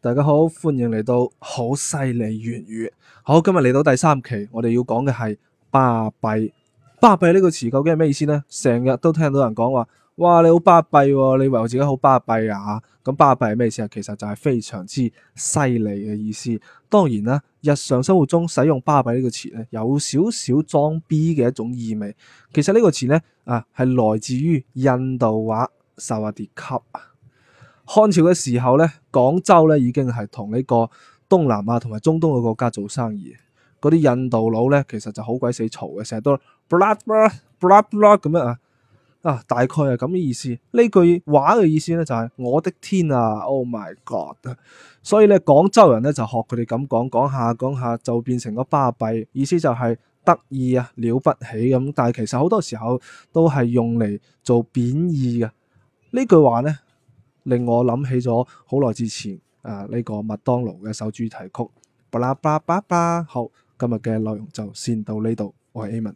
大家好，歡迎嚟到好犀利粵語。好，今日嚟到第三期，我哋要講嘅係巴閉。巴閉呢個詞究竟係咩意思呢？成日都聽到人講話，哇，你好巴閉，哦，你為我自己好巴閉啊？咁，嗯，巴閉係咩意思啊？其實就係非常之犀利嘅意思。當然啦，日常生活中使用巴閉呢個詞咧，有少少裝 B 嘅一種意味。其實呢個詞咧，啊，係來自於印度話，受阿迪級漢朝嘅時候咧，廣州咧已經係同呢個東南亞同埋中東嘅國家做生意。嗰啲印度佬咧，其實就好鬼死嘈嘅，成日都 Blah blah blah blah blah blah，咁樣啊啊，大概係咁嘅意思。呢句話嘅意思咧，就係我的天啊，Oh my God！所以咧，廣州人咧就學佢哋咁講，講下講下就變成咗巴閉，意思就係得意啊，了不起咁。但係其實好多時候都係用嚟做貶義嘅。呢句話咧。令我諗起咗好耐之前，啊呢個麥當勞嘅首主題曲，吧啦吧啦吧啦。好，今日嘅內容就先到呢度，我係艾文。